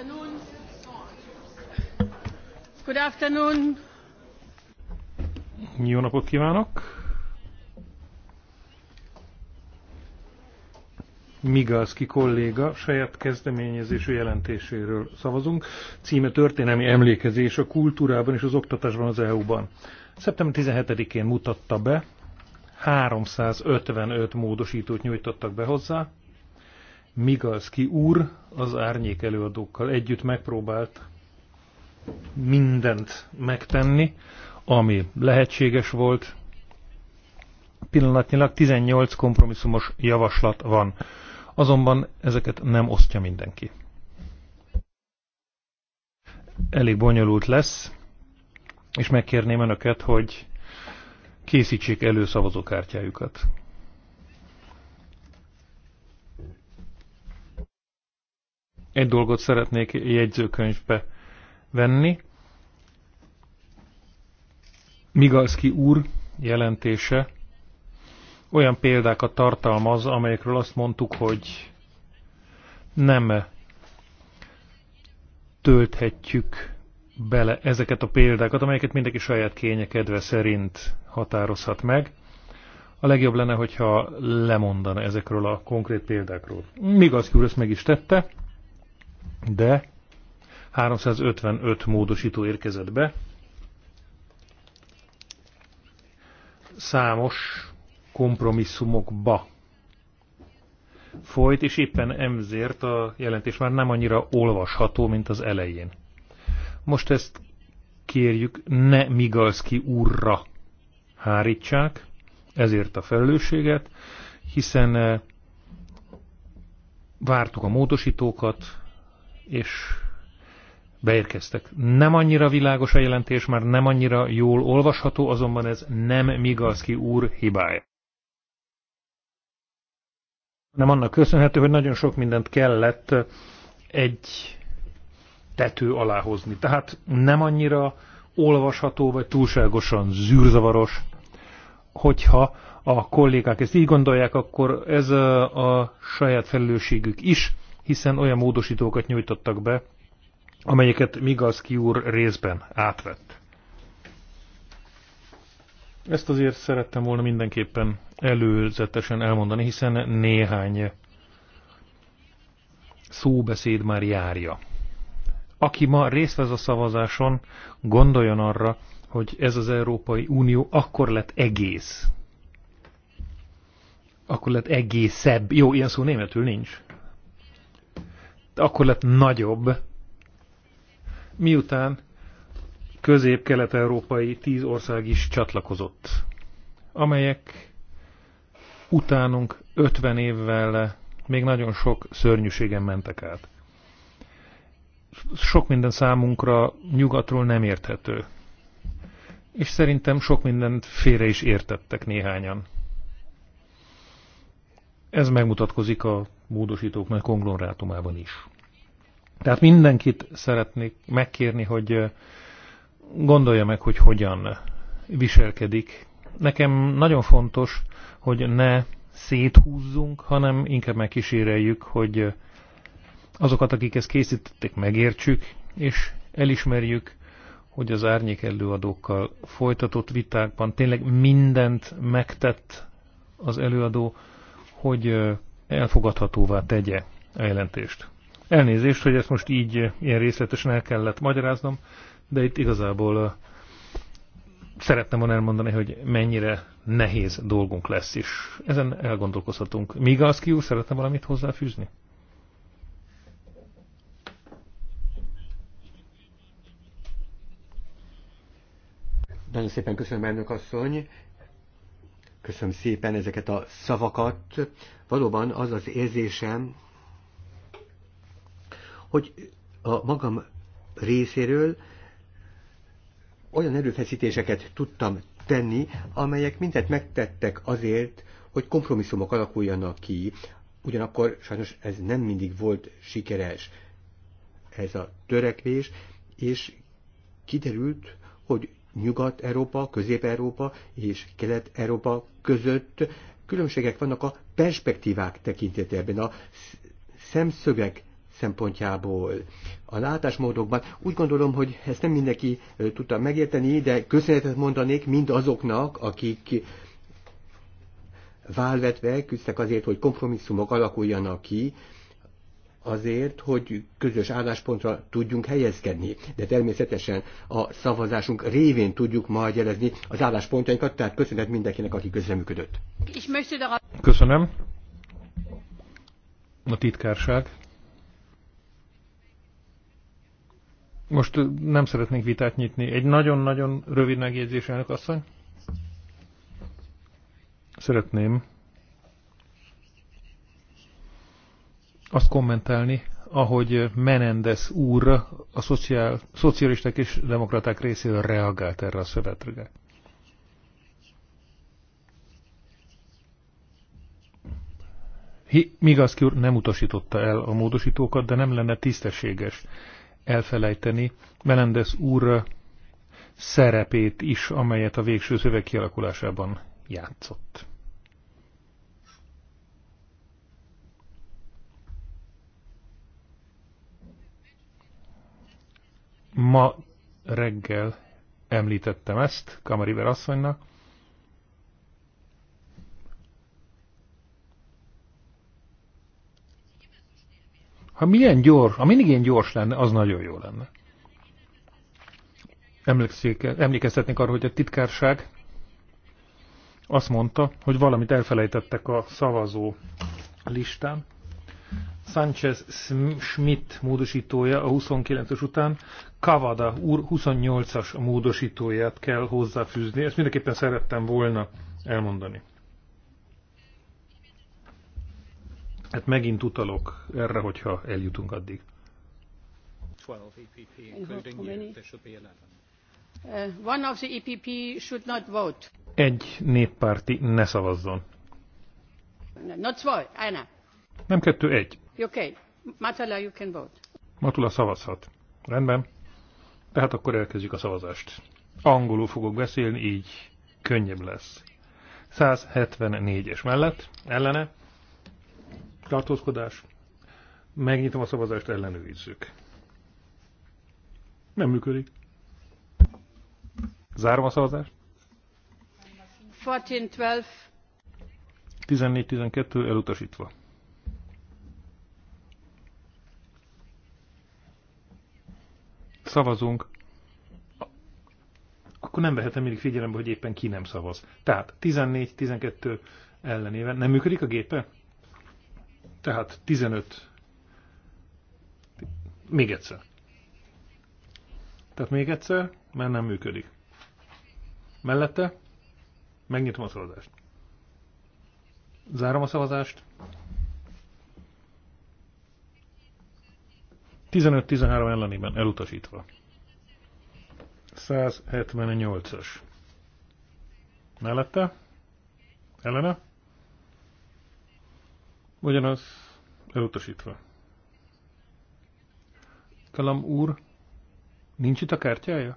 afternoon. Good afternoon. Jó napot kívánok! Migalski kolléga saját kezdeményezésű jelentéséről szavazunk. Címe Történelmi emlékezés a kultúrában és az oktatásban az EU-ban. Szeptember 17-én mutatta be, 355 módosítót nyújtottak be hozzá, Migalski úr az árnyék előadókkal együtt megpróbált mindent megtenni, ami lehetséges volt. Pillanatnyilag 18 kompromisszumos javaslat van, azonban ezeket nem osztja mindenki. Elég bonyolult lesz, és megkérném önöket, hogy készítsék elő szavazókártyájukat. Egy dolgot szeretnék jegyzőkönyvbe venni. Migalski úr jelentése olyan példákat tartalmaz, amelyekről azt mondtuk, hogy nem tölthetjük bele ezeket a példákat, amelyeket mindenki saját kénye kedve szerint határozhat meg. A legjobb lenne, hogyha lemondana ezekről a konkrét példákról. Még az ezt meg is tette, de 355 módosító érkezett be. Számos kompromisszumokba folyt, és éppen emzért a jelentés már nem annyira olvasható, mint az elején. Most ezt kérjük, ne Migalski úrra hárítsák ezért a felelősséget, hiszen eh, vártuk a módosítókat, és beérkeztek. Nem annyira világos a jelentés, már nem annyira jól olvasható, azonban ez nem Migalski úr hibája. Nem annak köszönhető, hogy nagyon sok mindent kellett egy tető alá hozni. Tehát nem annyira olvasható, vagy túlságosan zűrzavaros, hogyha a kollégák ezt így gondolják, akkor ez a, a saját felelősségük is, hiszen olyan módosítókat nyújtottak be, amelyeket Migalski úr részben átvett. Ezt azért szerettem volna mindenképpen előzetesen elmondani, hiszen néhány szóbeszéd már járja. Aki ma részt vesz a szavazáson, gondoljon arra, hogy ez az Európai Unió akkor lett egész. Akkor lett egészebb. Jó, ilyen szó németül nincs akkor lett nagyobb, miután közép-kelet-európai tíz ország is csatlakozott, amelyek utánunk 50 évvel még nagyon sok szörnyűségen mentek át. Sok minden számunkra nyugatról nem érthető. És szerintem sok mindent félre is értettek néhányan. Ez megmutatkozik a módosítók nagy konglomerátumában is. Tehát mindenkit szeretnék megkérni, hogy eh, gondolja meg, hogy hogyan viselkedik. Nekem nagyon fontos, hogy ne széthúzzunk, hanem inkább megkíséreljük, hogy eh, azokat, akik ezt készítették, megértsük, és elismerjük, hogy az árnyék előadókkal folytatott vitákban tényleg mindent megtett az előadó, hogy elfogadhatóvá tegye a jelentést. Elnézést, hogy ezt most így ilyen részletesen el kellett magyaráznom, de itt igazából szerettem volna elmondani, hogy mennyire nehéz dolgunk lesz, is. ezen elgondolkozhatunk. Míg az kiú, szeretne valamit hozzáfűzni? Nagyon szépen köszönöm, elnök asszony. Köszönöm szépen ezeket a szavakat. Valóban az az érzésem, hogy a magam részéről olyan erőfeszítéseket tudtam tenni, amelyek mindent megtettek azért, hogy kompromisszumok alakuljanak ki, ugyanakkor sajnos ez nem mindig volt sikeres ez a törekvés, és kiderült, hogy Nyugat-Európa, Közép-Európa és Kelet-Európa között különbségek vannak a perspektívák tekintetében, a szemszögek szempontjából, a látásmódokban. Úgy gondolom, hogy ezt nem mindenki tudta megérteni, de köszönetet mondanék mind azoknak, akik válvetve küzdtek azért, hogy kompromisszumok alakuljanak ki, azért, hogy közös álláspontra tudjunk helyezkedni. De természetesen a szavazásunk révén tudjuk majd jelezni az álláspontjainkat, tehát köszönet mindenkinek, aki közreműködött. Köszönöm. A titkárság. Most nem szeretnék vitát nyitni. Egy nagyon-nagyon rövid megjegyzés, elnök asszony. Szeretném azt kommentálni, ahogy Menendez úr a szociál, szocialisták és demokraták részéről reagált erre a szövetre. Migaszki úr nem utasította el a módosítókat, de nem lenne tisztességes elfelejteni Menendez úr szerepét is, amelyet a végső szöveg kialakulásában játszott. Ma reggel említettem ezt Kamariver asszonynak, Ha milyen gyors, ha mindig ilyen gyors lenne, az nagyon jó lenne. Emlékszik, emlékeztetnék arra, hogy a titkárság azt mondta, hogy valamit elfelejtettek a szavazó listán, Sanchez Schmidt módosítója a 29 es után, Kavada úr 28-as módosítóját kell hozzáfűzni. Ezt mindenképpen szerettem volna elmondani. Hát megint utalok erre, hogyha eljutunk addig. 12 EPP, including you, there should be 11. One of the EPP should not vote. Egy néppárti ne szavazzon. Not two, einer. Nem kettő, egy. Okay. Matula, you can vote. Matula szavazhat. Rendben. Tehát akkor elkezdjük a szavazást. Angolul fogok beszélni, így könnyebb lesz. 174-es mellett, ellene, tartózkodás, megnyitom a szavazást, ellenőrizzük. Nem működik. Zárom a szavazást. 14-12 elutasítva. szavazunk, akkor nem vehetem mindig figyelembe, hogy éppen ki nem szavaz. Tehát 14-12 ellenében nem működik a gépe? Tehát 15. Még egyszer. Tehát még egyszer, mert nem működik. Mellette megnyitom a szavazást. Zárom a szavazást. 15-13 ellenében elutasítva. 178-as. Mellette? Ellene? Ugyanaz elutasítva. Kalam úr, nincs itt a kártyája?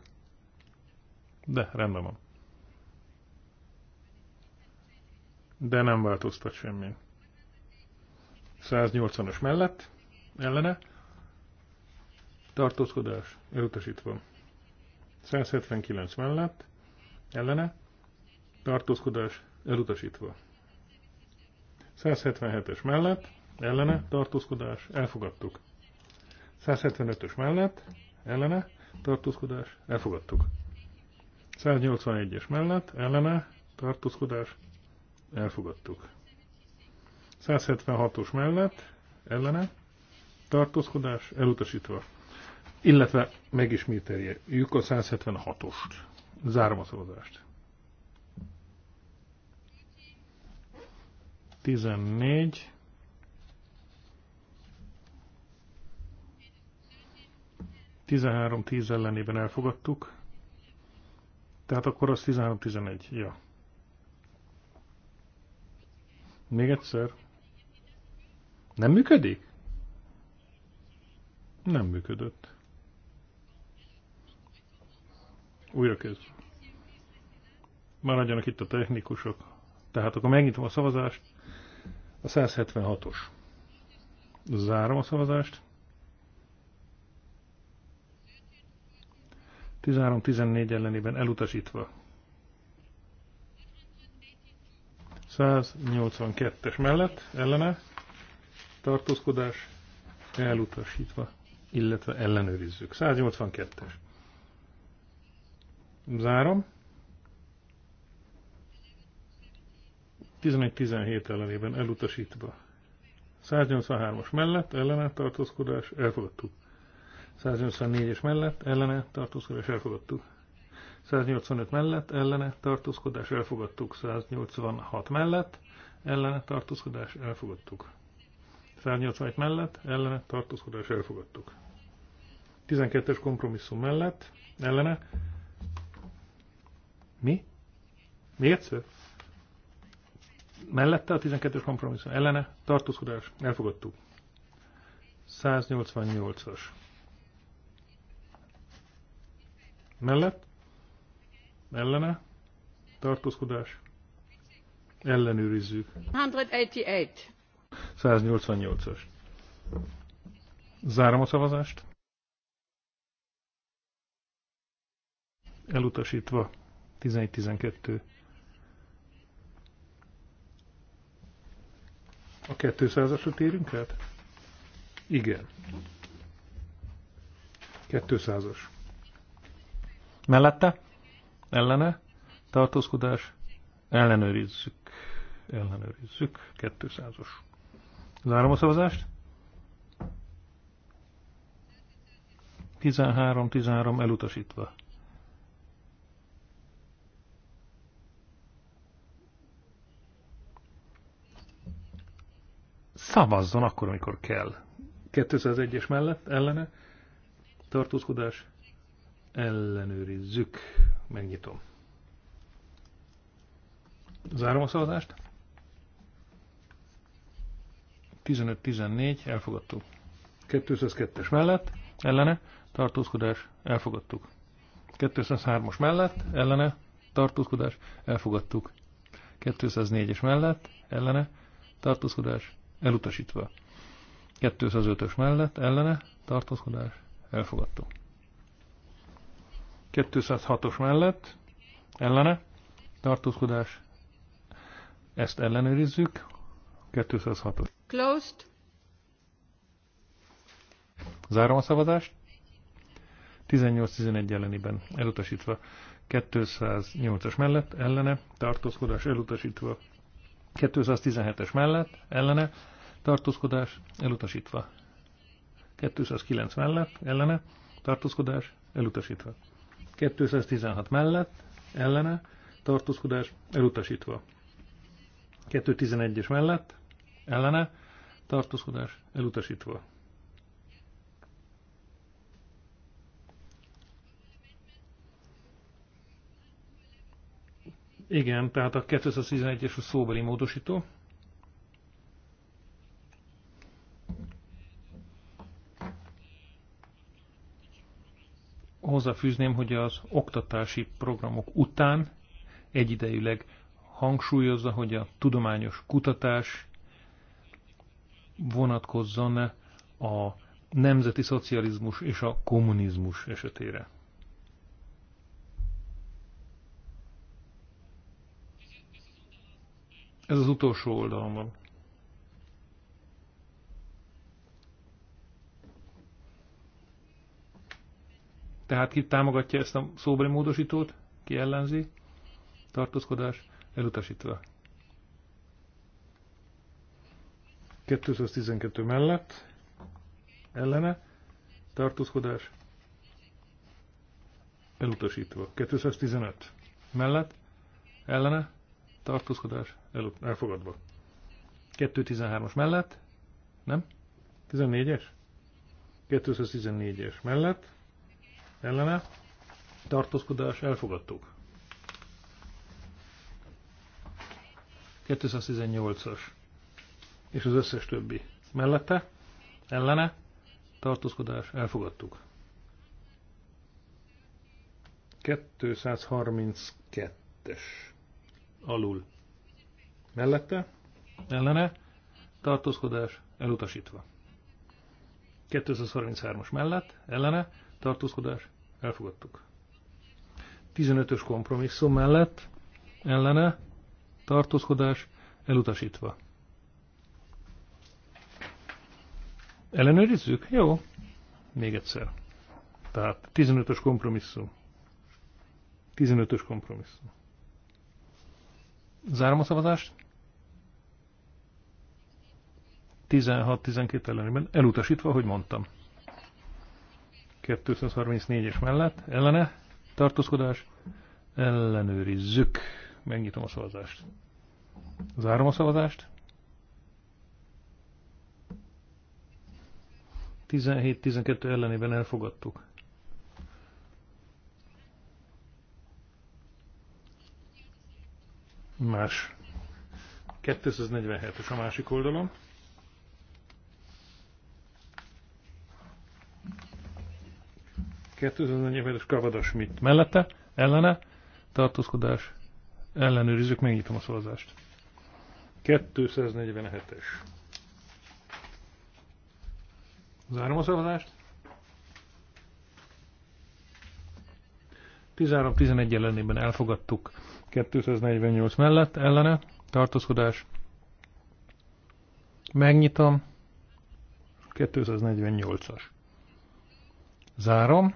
De, rendben van. De nem változtat semmi. 180-as mellett, ellene, tartózkodás elutasítva. 179 mellett, ellene, tartózkodás elutasítva. 177-es mellett, ellene, tartózkodás, elfogadtuk. 175-ös mellett, ellene, tartózkodás, elfogadtuk. 181-es mellett, ellene, tartózkodás, elfogadtuk. 176-os mellett, ellene, tartózkodás, elutasítva illetve megismételjük a 176-ost. Zárom a szavazást. 14. Tizenhárom tíz ellenében elfogadtuk. Tehát akkor az 13-11. Ja. Még egyszer. Nem működik? Nem működött. Újra kezd. Maradjanak itt a technikusok. Tehát akkor megnyitom a szavazást. A 176-os. Zárom a szavazást. 13-14 ellenében elutasítva. 182-es mellett ellene tartózkodás elutasítva, illetve ellenőrizzük. 182-es. Zárom. 11-17 ellenében elutasítva. 183-as mellett ellene tartózkodás elfogadtuk. 184-es mellett ellene tartózkodás elfogadtuk. 185 mellett ellene tartózkodás elfogadtuk. 186 mellett ellene tartózkodás elfogadtuk. 181 mellett ellene tartózkodás elfogadtuk. 12-es kompromisszum mellett ellene mi? Még egyszer? Mellette a 12-es kompromisszum ellene tartózkodás. Elfogadtuk. 188-as. Mellett? Ellene? Tartózkodás? Ellenőrizzük. 188. 188-as. Zárom a szavazást. Elutasítva. 11-12. A 200-asra térünk át? Igen. 200-as. Mellette? Ellene? Tartózkodás? Ellenőrizzük. Ellenőrizzük. 200-os. Zárom a szavazást. 13-13 elutasítva. 13-13. szavazzon akkor, amikor kell. 201-es mellett ellene tartózkodás ellenőrizzük. Megnyitom. Zárom a szavazást. 15-14, elfogadtuk. 202-es mellett, ellene, tartózkodás, elfogadtuk. 203-as mellett, ellene, tartózkodás, elfogadtuk. 204-es mellett, ellene, tartózkodás, elutasítva. 205-ös mellett ellene tartózkodás elfogadtuk. 206-os mellett ellene tartózkodás ezt ellenőrizzük. 206-os. Closed. Zárom a szavazást. 18-11 elleniben elutasítva. 208-as mellett ellene tartózkodás elutasítva. 217-es mellett ellene tartózkodás elutasítva. 209 mellett, ellene, tartózkodás elutasítva. 216 mellett, ellene, tartózkodás elutasítva. 211-es mellett, ellene, tartózkodás elutasítva. Igen, tehát a 211-es a szóbeli módosító. hozzáfűzném, hogy az oktatási programok után egyidejűleg hangsúlyozza, hogy a tudományos kutatás vonatkozzon a nemzeti szocializmus és a kommunizmus esetére. Ez az utolsó oldalon van. Tehát ki támogatja ezt a szóbeli módosítót? Ki ellenzi? Tartózkodás elutasítva. 212 mellett ellene tartózkodás elutasítva. 215 mellett ellene tartózkodás elfogadva. 213-as mellett nem? 14-es? 214-es mellett ellene, tartózkodás elfogadtuk. 218-as és az összes többi mellette, ellene, tartózkodás elfogadtuk. 232-es alul mellette, ellene, tartózkodás elutasítva. 233-as mellett, ellene, tartózkodás Elfogadtuk. 15-ös kompromisszum mellett ellene tartózkodás elutasítva. Ellenőrizzük? Jó. Még egyszer. Tehát 15-ös kompromisszum. 15-ös kompromisszum. Zárom a szavazást. 16-12 ellenében elutasítva, hogy mondtam. 234-es mellett ellene tartózkodás ellenőrizzük. Megnyitom a szavazást. Zárom a szavazást. 17-12 ellenében elfogadtuk. Más. 247-es a másik oldalon. 240-es Kavada Schmidt mellette, ellene, tartózkodás, ellenőrizzük, megnyitom a szavazást. 247-es. Zárom a szavazást. 13-11 ellenében elfogadtuk. 248 mellett, ellene, tartózkodás. Megnyitom. 248-as. Zárom.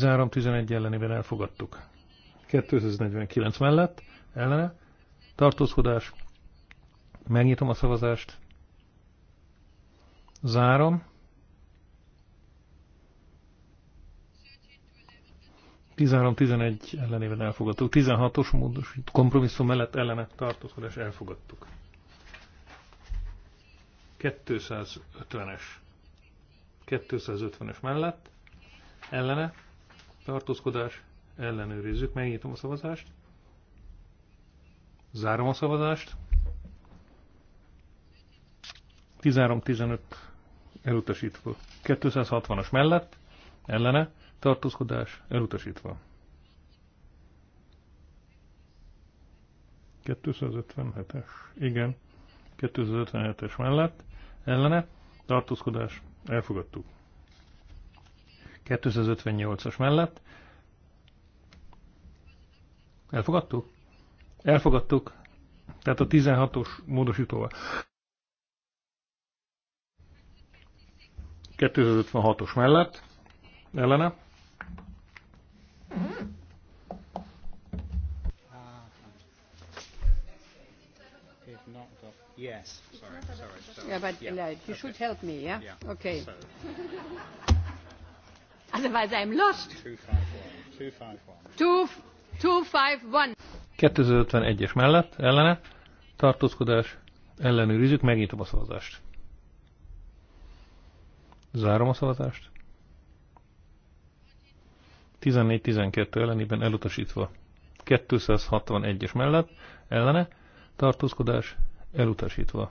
13-11 ellenében elfogadtuk. 249 mellett ellene tartózkodás. Megnyitom a szavazást. Zárom. 13-11 ellenében elfogadtuk. 16-os módos kompromisszum mellett ellene tartózkodás elfogadtuk. 250-es. 250-es mellett ellene tartózkodás, ellenőrizzük, megnyitom a szavazást, zárom a szavazást, 13-15 elutasítva, 260-as mellett, ellene, tartózkodás, elutasítva. 257-es, igen, 257-es mellett, ellene, tartózkodás, elfogadtuk. 258-as mellett. Elfogadtuk? Elfogadtuk. Tehát a 16-os módosítóval. 256-os mellett. Ellene. Yes, sorry, sorry, Yeah, but yeah. you should help me, yeah? yeah. Okay. So. Otherwise I'm lost. 251. 251-es mellett, ellene, tartózkodás, ellenőrizzük, megnyitom a szavazást. Zárom a szavazást. 14-12 ellenében elutasítva. 261-es mellett, ellene, tartózkodás, elutasítva.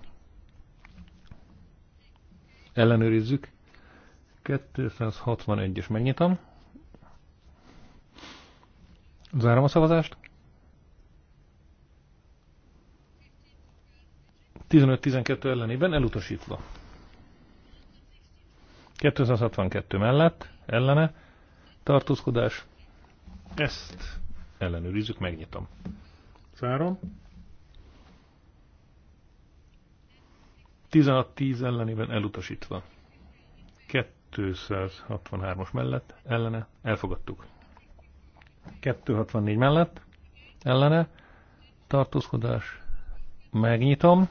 Ellenőrizzük. 261-es megnyitom. Zárom a szavazást. 15-12 ellenében elutasítva. 262 mellett, ellene, tartózkodás. Ezt ellenőrizzük, megnyitom. Zárom. 16-10 ellenében elutasítva. 263-as mellett, ellene, elfogadtuk. 264 mellett, ellene, tartózkodás, megnyitom,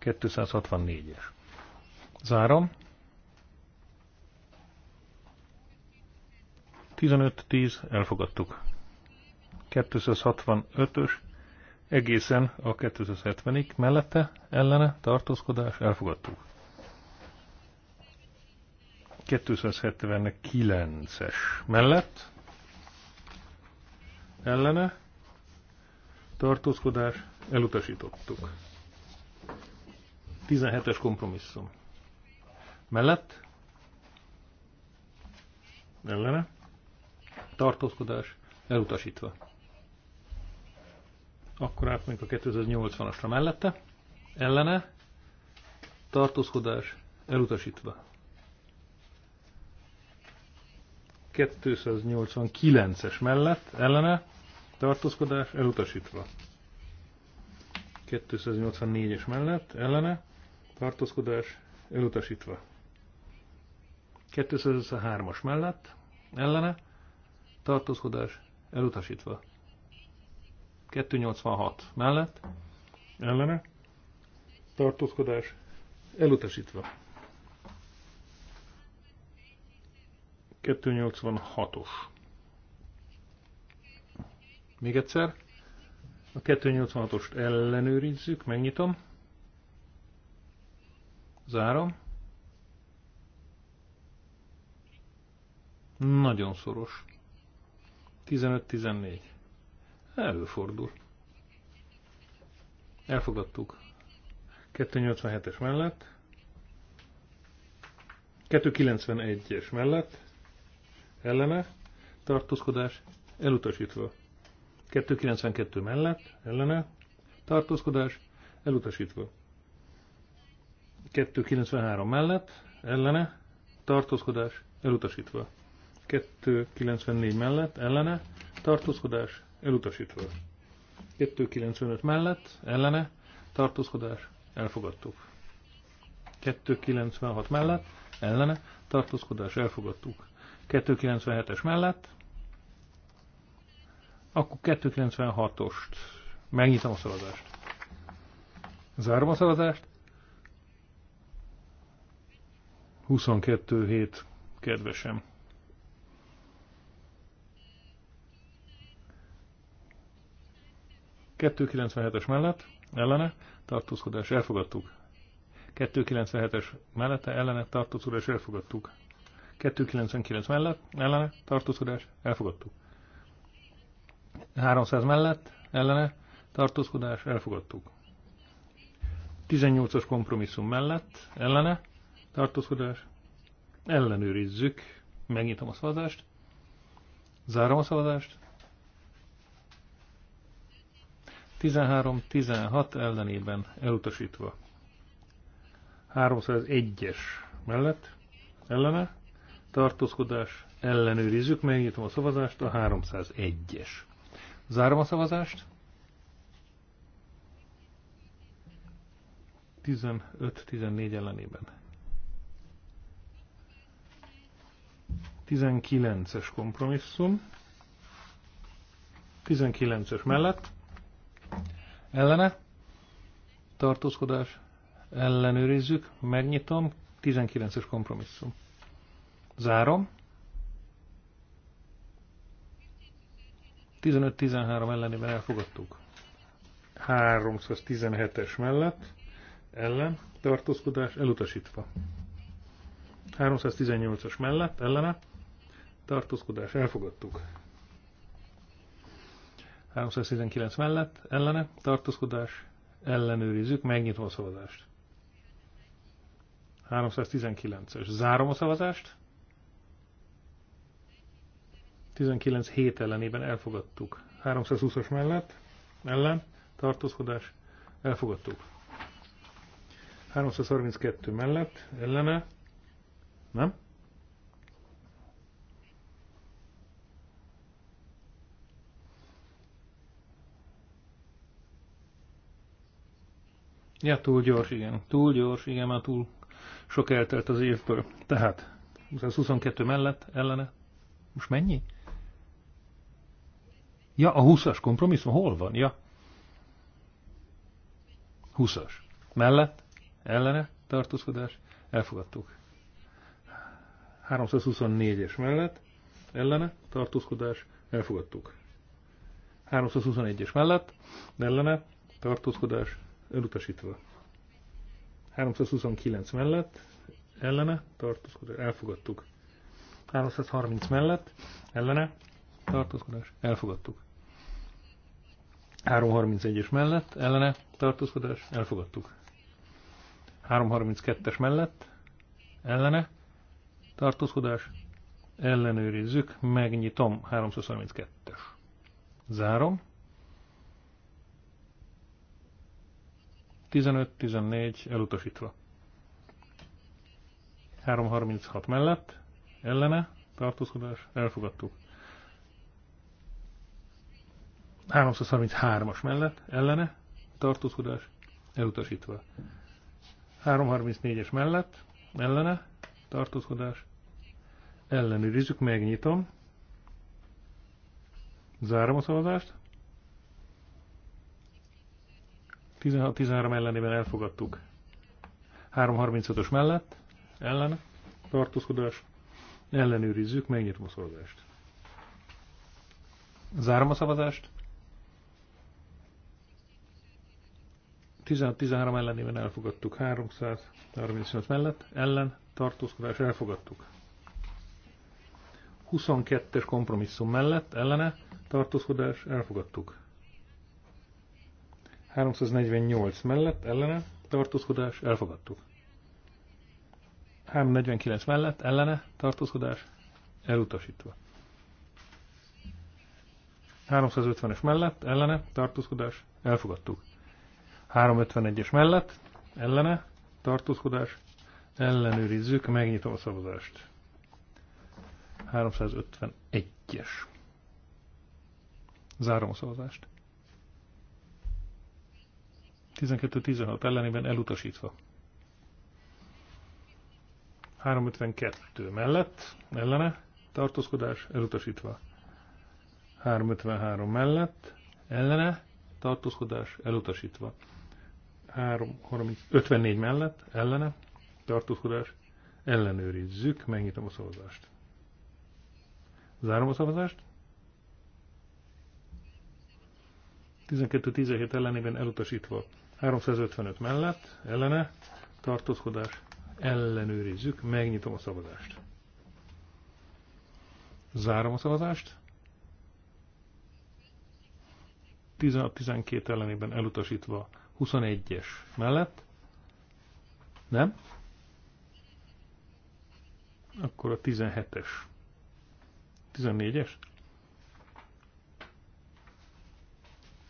264-es. Zárom. 15-10, elfogadtuk. 265-ös, egészen a 270-ig, mellette, ellene, tartózkodás, elfogadtuk. 279-es mellett ellene tartózkodás elutasítottuk. 17-es kompromisszum mellett ellene tartózkodás elutasítva. Akkor átmegyünk a 280-asra mellette ellene tartózkodás elutasítva. 289-es mellett ellene tartózkodás elutasítva. 284-es mellett ellene tartózkodás elutasítva. 283 as mellett ellene tartózkodás elutasítva. 286 mellett ellene tartózkodás elutasítva. 286-os. Még egyszer. A 286-ost ellenőrizzük, megnyitom. Zárom. Nagyon szoros. 15-14. Előfordul. Elfogadtuk. 287-es mellett. 291-es mellett ellene, tartózkodás elutasítva. 292 mellett, ellene, tartózkodás elutasítva. 293 mellett, ellene, tartózkodás elutasítva. 294 mellett, ellene, tartózkodás elutasítva. 295 mellett, ellene, tartózkodás elfogadtuk. 296 mellett, ellene, tartózkodás elfogadtuk. 297-es mellett. Akkor 296-ost. Megnyitom a szavazást. Zárom a szavazást. 22 hét, kedvesem. es mellett, ellene, tartózkodás, elfogadtuk. 297-es mellette, ellene, tartózkodás, elfogadtuk. 299 mellett, ellene, tartózkodás, elfogadtuk. 300 mellett, ellene, tartózkodás, elfogadtuk. 18-as kompromisszum mellett, ellene, tartózkodás, ellenőrizzük, megnyitom a szavazást, zárom a szavazást, 13-16 ellenében elutasítva. 301-es mellett, ellene, tartózkodás, ellenőrizzük, megnyitom a szavazást, a 301-es. Zárom a szavazást. 15-14 ellenében. 19-es kompromisszum. 19-es mellett. Ellene. Tartózkodás. Ellenőrizzük. Megnyitom. 19-es kompromisszum. Zárom. 15-13 ellenében elfogadtuk. 317-es mellett ellen tartózkodás elutasítva. 318-as mellett ellene tartózkodás elfogadtuk. 319 mellett ellene tartózkodás ellenőrizzük, megnyitva a szavazást. 319-es. Zárom a szavazást. 19 hét ellenében elfogadtuk. 320-as mellett, ellen, tartózkodás, elfogadtuk. 332 mellett, ellene, nem? Ja, túl gyors, igen. Túl gyors, igen, már túl sok eltelt az évből. Tehát, 22 mellett, ellene. Most mennyi? Ja, a 20-as kompromisszum hol van? Ja. 20-as. Mellett? Ellene? Tartózkodás? Elfogadtuk. 324-es mellett? Ellene? Tartózkodás? Elfogadtuk. 321-es mellett? Ellene? Tartózkodás? Elutasítva. 329 mellett? Ellene? Tartózkodás? Elfogadtuk. 330 mellett? Ellene? Tartózkodás? Elfogadtuk. 331-es mellett ellene tartózkodás elfogadtuk. 332-es mellett ellene tartózkodás ellenőrizzük, megnyitom 332-es. Zárom. 15-14 elutasítva. 336 mellett ellene tartózkodás elfogadtuk. 333-as mellett ellene tartózkodás elutasítva. 334-es mellett ellene tartózkodás ellenőrizzük, megnyitom. Zárom a szavazást. 16-13 ellenében elfogadtuk. 335-ös mellett ellene tartózkodás ellenőrizzük, megnyitom a szavazást. Zárom a szavazást. 16-13 ellenében elfogadtuk, 335 mellett, ellen, tartózkodás elfogadtuk. 22-es kompromisszum mellett, ellene, tartózkodás elfogadtuk. 348 mellett, ellene, tartózkodás elfogadtuk. 349 mellett, ellene, tartózkodás elutasítva. 350-es mellett, ellene, tartózkodás elfogadtuk. 351-es mellett, ellene, tartózkodás, ellenőrizzük, megnyitom a szavazást. 351-es. Zárom a szavazást. 12-16 ellenében elutasítva. 352 mellett, ellene, tartózkodás, elutasítva. 353 mellett, ellene, tartózkodás, elutasítva. 3, 3, 54 mellett, ellene, tartózkodás, ellenőrizzük, megnyitom a szavazást. Zárom a szavazást. 12-17 ellenében elutasítva. 355 mellett, ellene, tartózkodás, ellenőrizzük, megnyitom a szavazást. Zárom a szavazást. 16-12 ellenében elutasítva 21-es mellett. Nem? Akkor a 17-es. 14-es?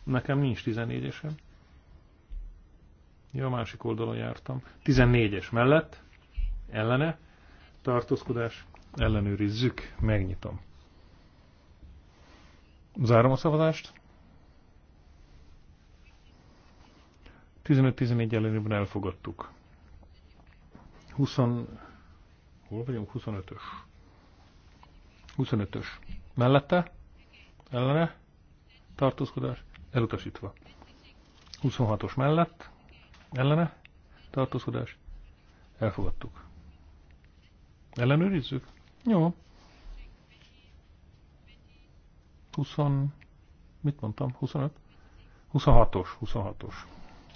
Nekem nincs 14-esem. Ja, a másik oldalon jártam. 14-es mellett, ellene, tartózkodás, ellenőrizzük, megnyitom. Zárom a szavazást. 15-11 ellenében elfogadtuk. 20... Hol vagyunk? 25-ös. 25-ös. Mellette? Ellene? Tartózkodás? Elutasítva. 26-os mellett? Ellene? Tartózkodás? Elfogadtuk. Ellenőrizzük? Jó. 20... Mit mondtam? 25? 26-os. 26-os.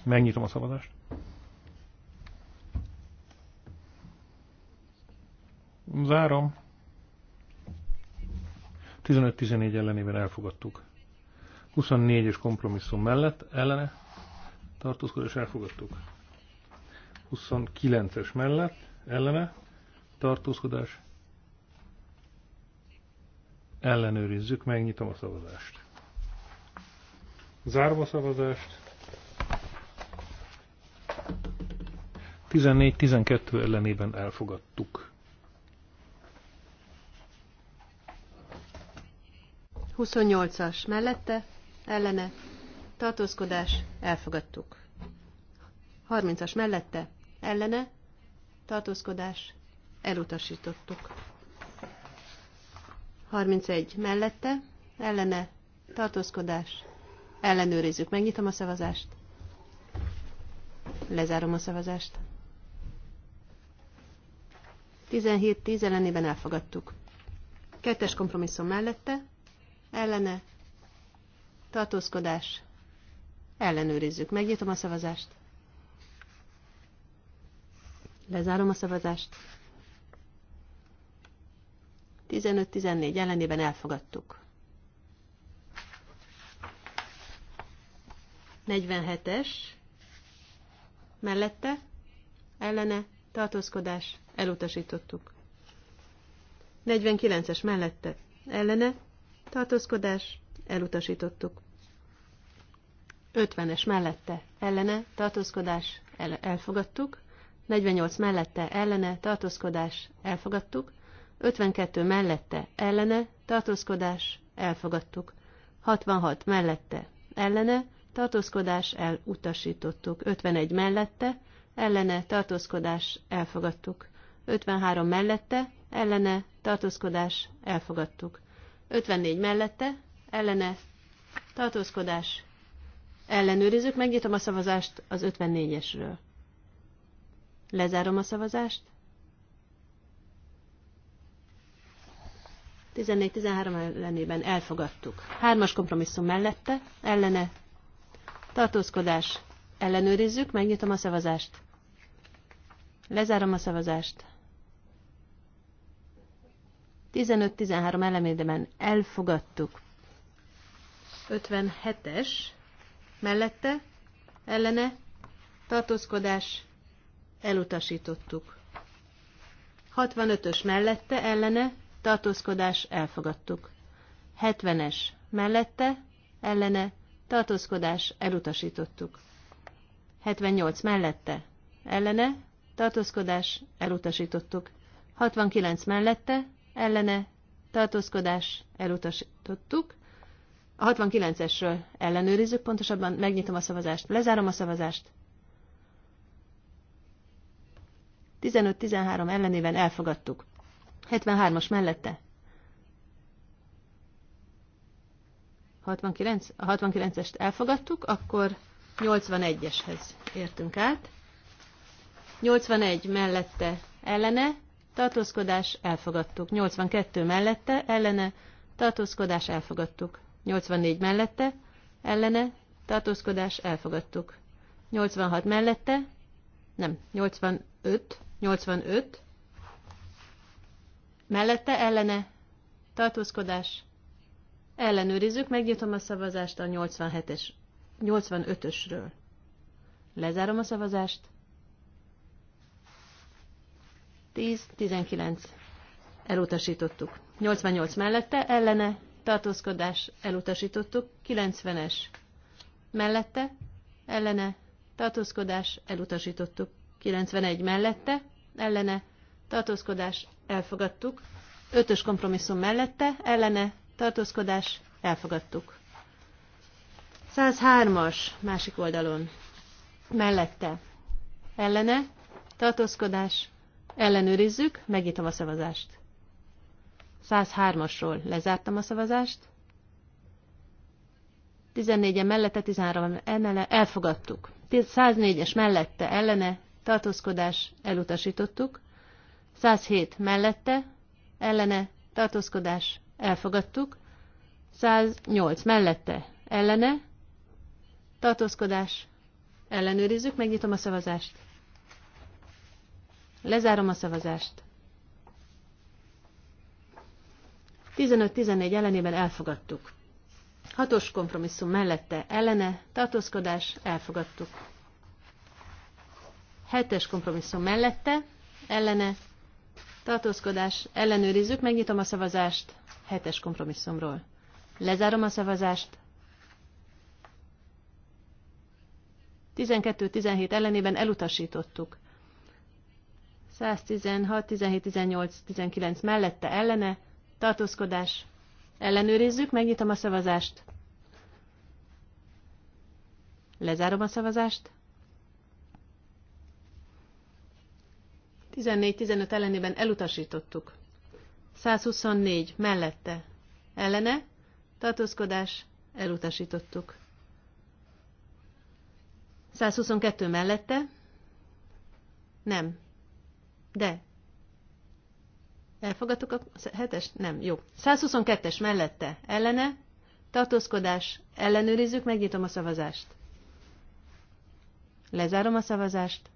Megnyitom a szavazást. Zárom. 15-14 ellenében elfogadtuk. 24-es kompromisszum mellett ellene tartózkodás elfogadtuk. 29-es mellett ellene tartózkodás ellenőrizzük, megnyitom a szavazást. Zárva a szavazást. 14-12 ellenében elfogadtuk. 28-as mellette, ellene, tartózkodás, elfogadtuk. 30-as mellette, ellene, tartózkodás, elutasítottuk. 31 mellette, ellene, tartózkodás, ellenőrizzük. Megnyitom a szavazást. Lezárom a szavazást. 17-10 ellenében elfogadtuk. Kettes kompromisszum mellette, ellene, tartózkodás, ellenőrizzük. Megnyitom a szavazást. Lezárom a szavazást. 15-14 ellenében elfogadtuk. 47-es mellette ellene tartózkodás Elutasítottuk. 49-es mellette ellene tartózkodás. Elutasítottuk. 50-es mellette ellene tartózkodás. El, elfogadtuk. 48 mellette ellene tartózkodás. Elfogadtuk. 52 mellette ellene tartózkodás. Elfogadtuk. 66 mellette ellene tartózkodás elutasítottuk, 51 mellette, ellene tartózkodás elfogadtuk. 53 mellette, ellene, tartózkodás, elfogadtuk. 54 mellette, ellene, tartózkodás, ellenőrizzük, megnyitom a szavazást az 54-esről. Lezárom a szavazást. 14-13 ellenében elfogadtuk. Hármas kompromisszum mellette, ellene, tartózkodás, ellenőrizzük, megnyitom a szavazást. Lezárom a szavazást. 15-13 elemében elfogadtuk. 57-es mellette ellene tartózkodás elutasítottuk. 65-ös mellette ellene tartózkodás elfogadtuk. 70-es mellette ellene tartózkodás elutasítottuk. 78 mellette ellene tartózkodás elutasítottuk. 69 mellette ellene tartózkodás elutasítottuk. A 69-esről ellenőrizzük pontosabban, megnyitom a szavazást, lezárom a szavazást. 15-13 ellenében elfogadtuk. 73-as mellette. 69, a 69-est elfogadtuk, akkor 81-eshez értünk át. 81 mellette ellene tartózkodás elfogadtuk. 82 mellette, ellene, tartózkodás elfogadtuk. 84 mellette, ellene, tartózkodás elfogadtuk. 86 mellette, nem, 85, 85, mellette, ellene, tartózkodás, ellenőrizzük, megnyitom a szavazást a 87-es, 85-ösről. Lezárom a szavazást, 10-19 elutasítottuk. 88 mellette, ellene, tartózkodás, elutasítottuk. 90-es mellette, ellene, tartózkodás, elutasítottuk. 91 mellette, ellene, tartózkodás, elfogadtuk. 5-ös kompromisszum mellette, ellene, tartózkodás, elfogadtuk. 103-as másik oldalon mellette, ellene, tartózkodás, Ellenőrizzük, megnyitom a szavazást. 103-asról lezártam a szavazást. 14-en mellette, 13 ellene elfogadtuk. 104-es mellette ellene tartózkodás elutasítottuk. 107 mellette ellene tartózkodás elfogadtuk. 108 mellette ellene tartózkodás ellenőrizzük, megnyitom a szavazást. Lezárom a szavazást. 15-14 ellenében elfogadtuk. Hatos kompromisszum mellette ellene, tartózkodás, elfogadtuk. Hetes kompromisszum mellette, ellene, tartózkodás, ellenőrizzük, megnyitom a szavazást hetes kompromisszumról. Lezárom a szavazást. 12-17 ellenében elutasítottuk. 116, 17, 18, 19 mellette ellene, tartózkodás, ellenőrizzük, megnyitom a szavazást. Lezárom a szavazást. 14-15 ellenében elutasítottuk. 124 mellette, ellene, tartózkodás, elutasítottuk. 122 mellette, nem, de. Elfogadtuk a hetes? Nem, jó. 122-es mellette, ellene, tartózkodás, ellenőrizzük, megnyitom a szavazást. Lezárom a szavazást.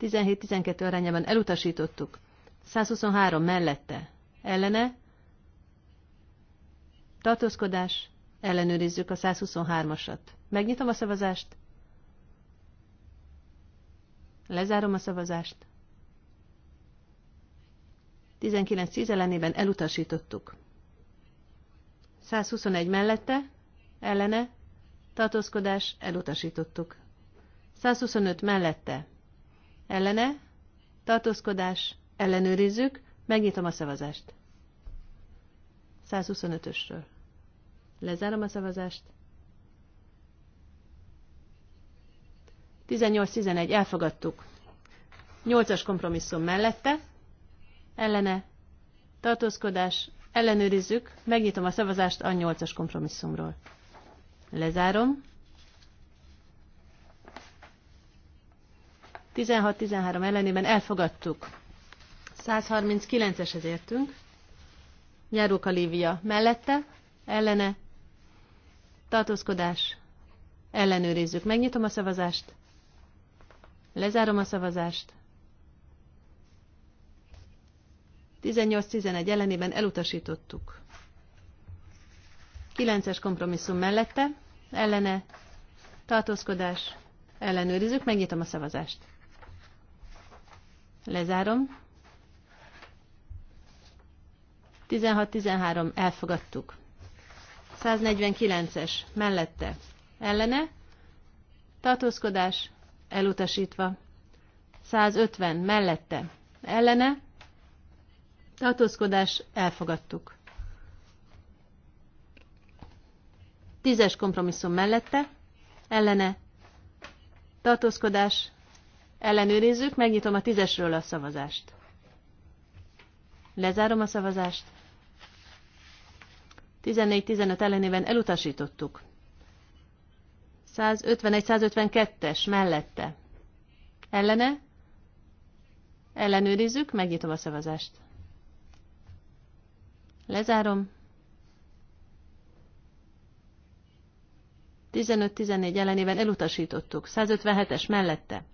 17-12 arányában elutasítottuk. 123 mellette, ellene, tartózkodás, ellenőrizzük a 123-asat. Megnyitom a szavazást. Lezárom a szavazást. 19-10 ellenében elutasítottuk. 121 mellette, ellene, tartózkodás, elutasítottuk. 125 mellette, ellene, tartózkodás, ellenőrizzük, megnyitom a szavazást. 125-ösről. Lezárom a szavazást. 18-11 elfogadtuk. 8-as kompromisszum mellette, ellene tartózkodás, ellenőrizzük, megnyitom a szavazást a 8-as kompromisszumról. Lezárom. 16-13 ellenében elfogadtuk. 139-eshez értünk. Járóka Lívia mellette, ellene, tartózkodás, ellenőrizzük. Megnyitom a szavazást. Lezárom a szavazást. 18-11 ellenében elutasítottuk. 9-es kompromisszum mellette, ellene, tartózkodás, ellenőrizzük, megnyitom a szavazást. Lezárom. 16-13 elfogadtuk. 149-es mellette, ellene, tartózkodás, elutasítva. 150 mellette, ellene, tartózkodás, elfogadtuk. Tízes kompromisszum mellette, ellene, tartózkodás, ellenőrizzük, megnyitom a tízesről a szavazást. Lezárom a szavazást. 14-15 ellenében elutasítottuk. 151-152-es mellette. Ellene? Ellenőrizzük, megnyitom a szavazást. Lezárom. 15-14 ellenében elutasítottuk. 157-es mellette.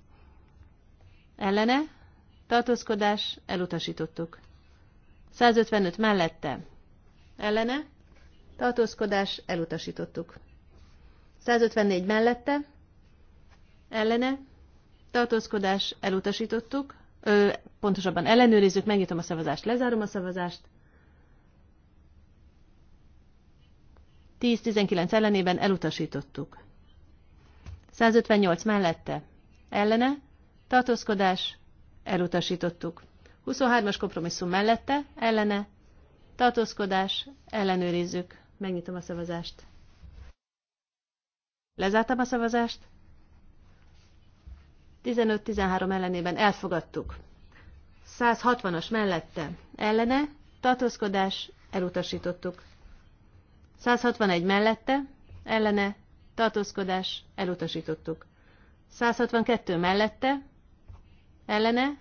Ellene? Tartózkodás, elutasítottuk. 155 mellette. Ellene? Tartózkodás, elutasítottuk. 154 mellette, ellene, tartózkodás, elutasítottuk, ö, pontosabban ellenőrizzük, megnyitom a szavazást, lezárom a szavazást. 10-19 ellenében elutasítottuk. 158 mellette, ellene, tartózkodás, elutasítottuk. 23-as kompromisszum mellette, ellene, tartózkodás, ellenőrizzük. Megnyitom a szavazást. Lezártam a szavazást. 15-13 ellenében elfogadtuk. 160-as mellette ellene, tartózkodás, elutasítottuk. 161 mellette, ellene, tartózkodás, elutasítottuk. 162 mellette, ellene,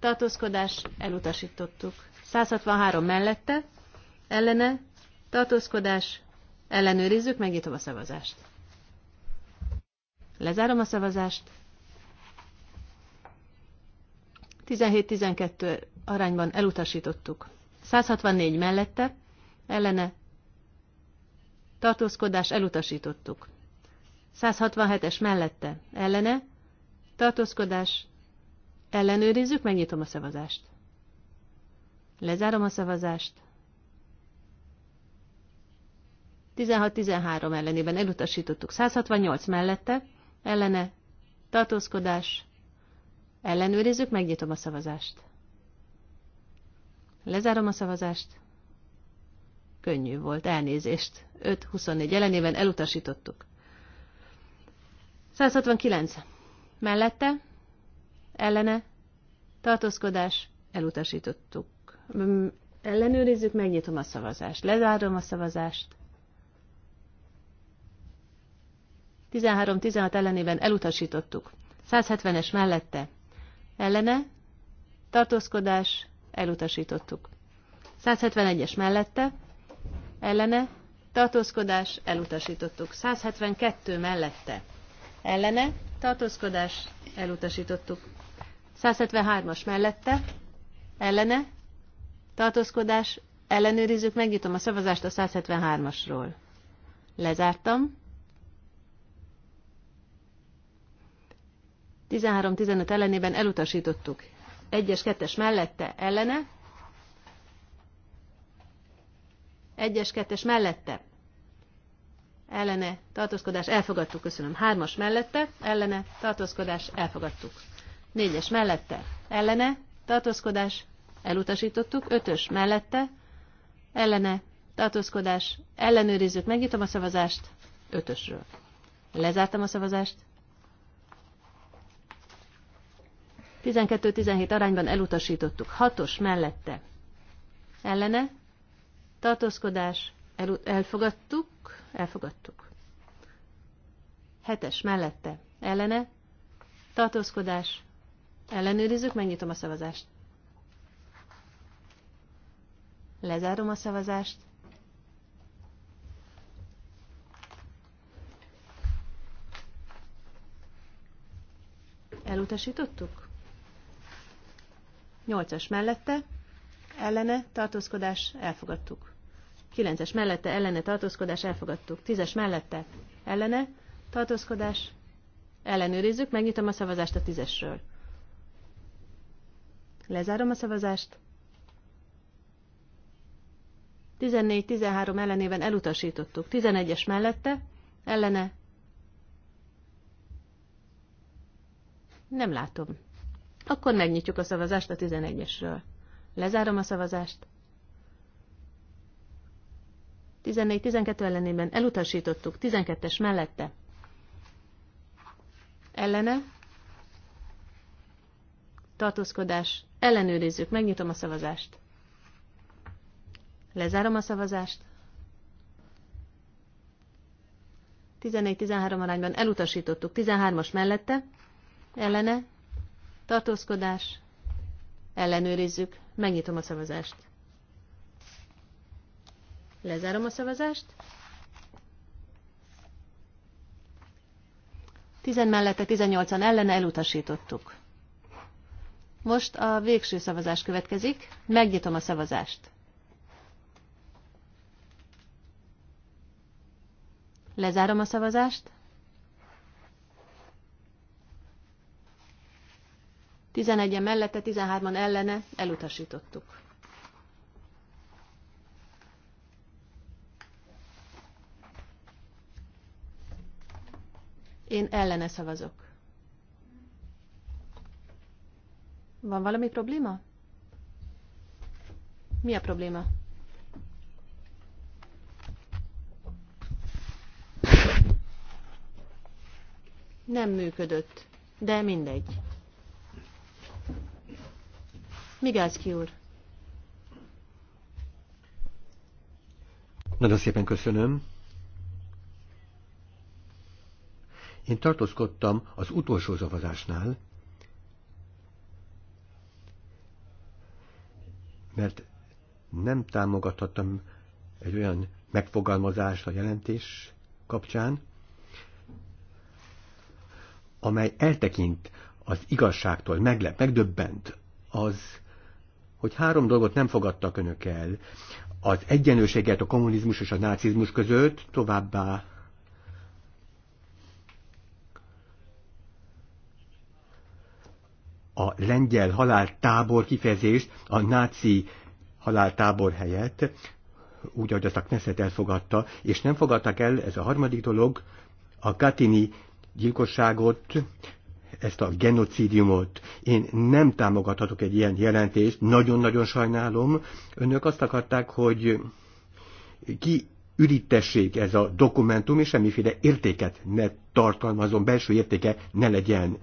tartózkodás, elutasítottuk. 163 mellette, ellene, tartózkodás, ellenőrizzük, megnyitom a szavazást. Lezárom a szavazást. 17-12 arányban elutasítottuk. 164 mellette, ellene tartózkodás elutasítottuk. 167-es mellette, ellene tartózkodás ellenőrizzük, megnyitom a szavazást. Lezárom a szavazást. 16-13 ellenében elutasítottuk 168 mellette, ellene, tartózkodás, ellenőrizzük, megnyitom a szavazást. Lezárom a szavazást. Könnyű volt, elnézést. 5-24 ellenében elutasítottuk. 169. Mellette, ellene, tartózkodás, elutasítottuk. Ellenőrizzük, megnyitom a szavazást. Lezárom a szavazást. 13-16 ellenében elutasítottuk. 170-es mellette. Ellene. Tartózkodás. Elutasítottuk. 171-es mellette. Ellene. Tartózkodás. Elutasítottuk. 172 mellette. Ellene. Tartózkodás. Elutasítottuk. 173-as mellette. Ellene. Tartózkodás. Ellenőrizzük, megnyitom a szavazást a 173-asról. Lezártam. 13-15 ellenében elutasítottuk. 1-es, 2-es mellette ellene. 1-es, 2-es mellette ellene tartózkodás elfogadtuk, köszönöm. Hármas mellette, ellene tartózkodás elfogadtuk. Négyes mellette, ellene tartózkodás elutasítottuk. Ötös mellette, ellene tartózkodás ellenőrizzük. Megnyitom a szavazást. Ötösről. Lezártam a szavazást. 12-17 arányban elutasítottuk. Hatos mellette. Ellene. Tartózkodás. El, elfogadtuk. Elfogadtuk. Hetes mellette. Ellene. Tartózkodás. Ellenőrizzük, megnyitom a szavazást. Lezárom a szavazást. Elutasítottuk? 8-as mellette, ellene, tartózkodás, elfogadtuk. 9-es mellette, ellene, tartózkodás, elfogadtuk. 10-es mellette, ellene, tartózkodás, ellenőrizzük, megnyitom a szavazást a 10-esről. Lezárom a szavazást. 14-13 ellenében elutasítottuk. 11-es mellette, ellene, nem látom. Akkor megnyitjuk a szavazást a 11-esről. Lezárom a szavazást. 14-12 ellenében elutasítottuk, 12-es mellette. Ellene. Tartózkodás. Ellenőrizzük, megnyitom a szavazást. Lezárom a szavazást. 14-13 arányban elutasítottuk, 13-as mellette. Ellene tartózkodás, ellenőrizzük, megnyitom a szavazást. Lezárom a szavazást. Tizen mellette 18-an ellene elutasítottuk. Most a végső szavazás következik. Megnyitom a szavazást. Lezárom a szavazást. 11-en mellette, 13-an ellene elutasítottuk. Én ellene szavazok. Van valami probléma? Mi a probléma? Nem működött, de mindegy. Migelszki úr. Nagyon szépen köszönöm. Én tartózkodtam az utolsó zavazásnál, mert nem támogathattam egy olyan megfogalmazást a jelentés kapcsán, amely eltekint az igazságtól, meglep, megdöbbent az hogy három dolgot nem fogadtak önök el. Az egyenlőséget a kommunizmus és a nácizmus között, továbbá a lengyel haláltábor kifejezést a náci haláltábor helyett, úgy, ahogy azt a Knesset elfogadta, és nem fogadtak el, ez a harmadik dolog, a Katini gyilkosságot, ezt a genocidiumot. Én nem támogathatok egy ilyen jelentést, nagyon-nagyon sajnálom. Önök azt akarták, hogy ki ürítessék ez a dokumentum, és semmiféle értéket ne tartalmazon, belső értéke ne legyen.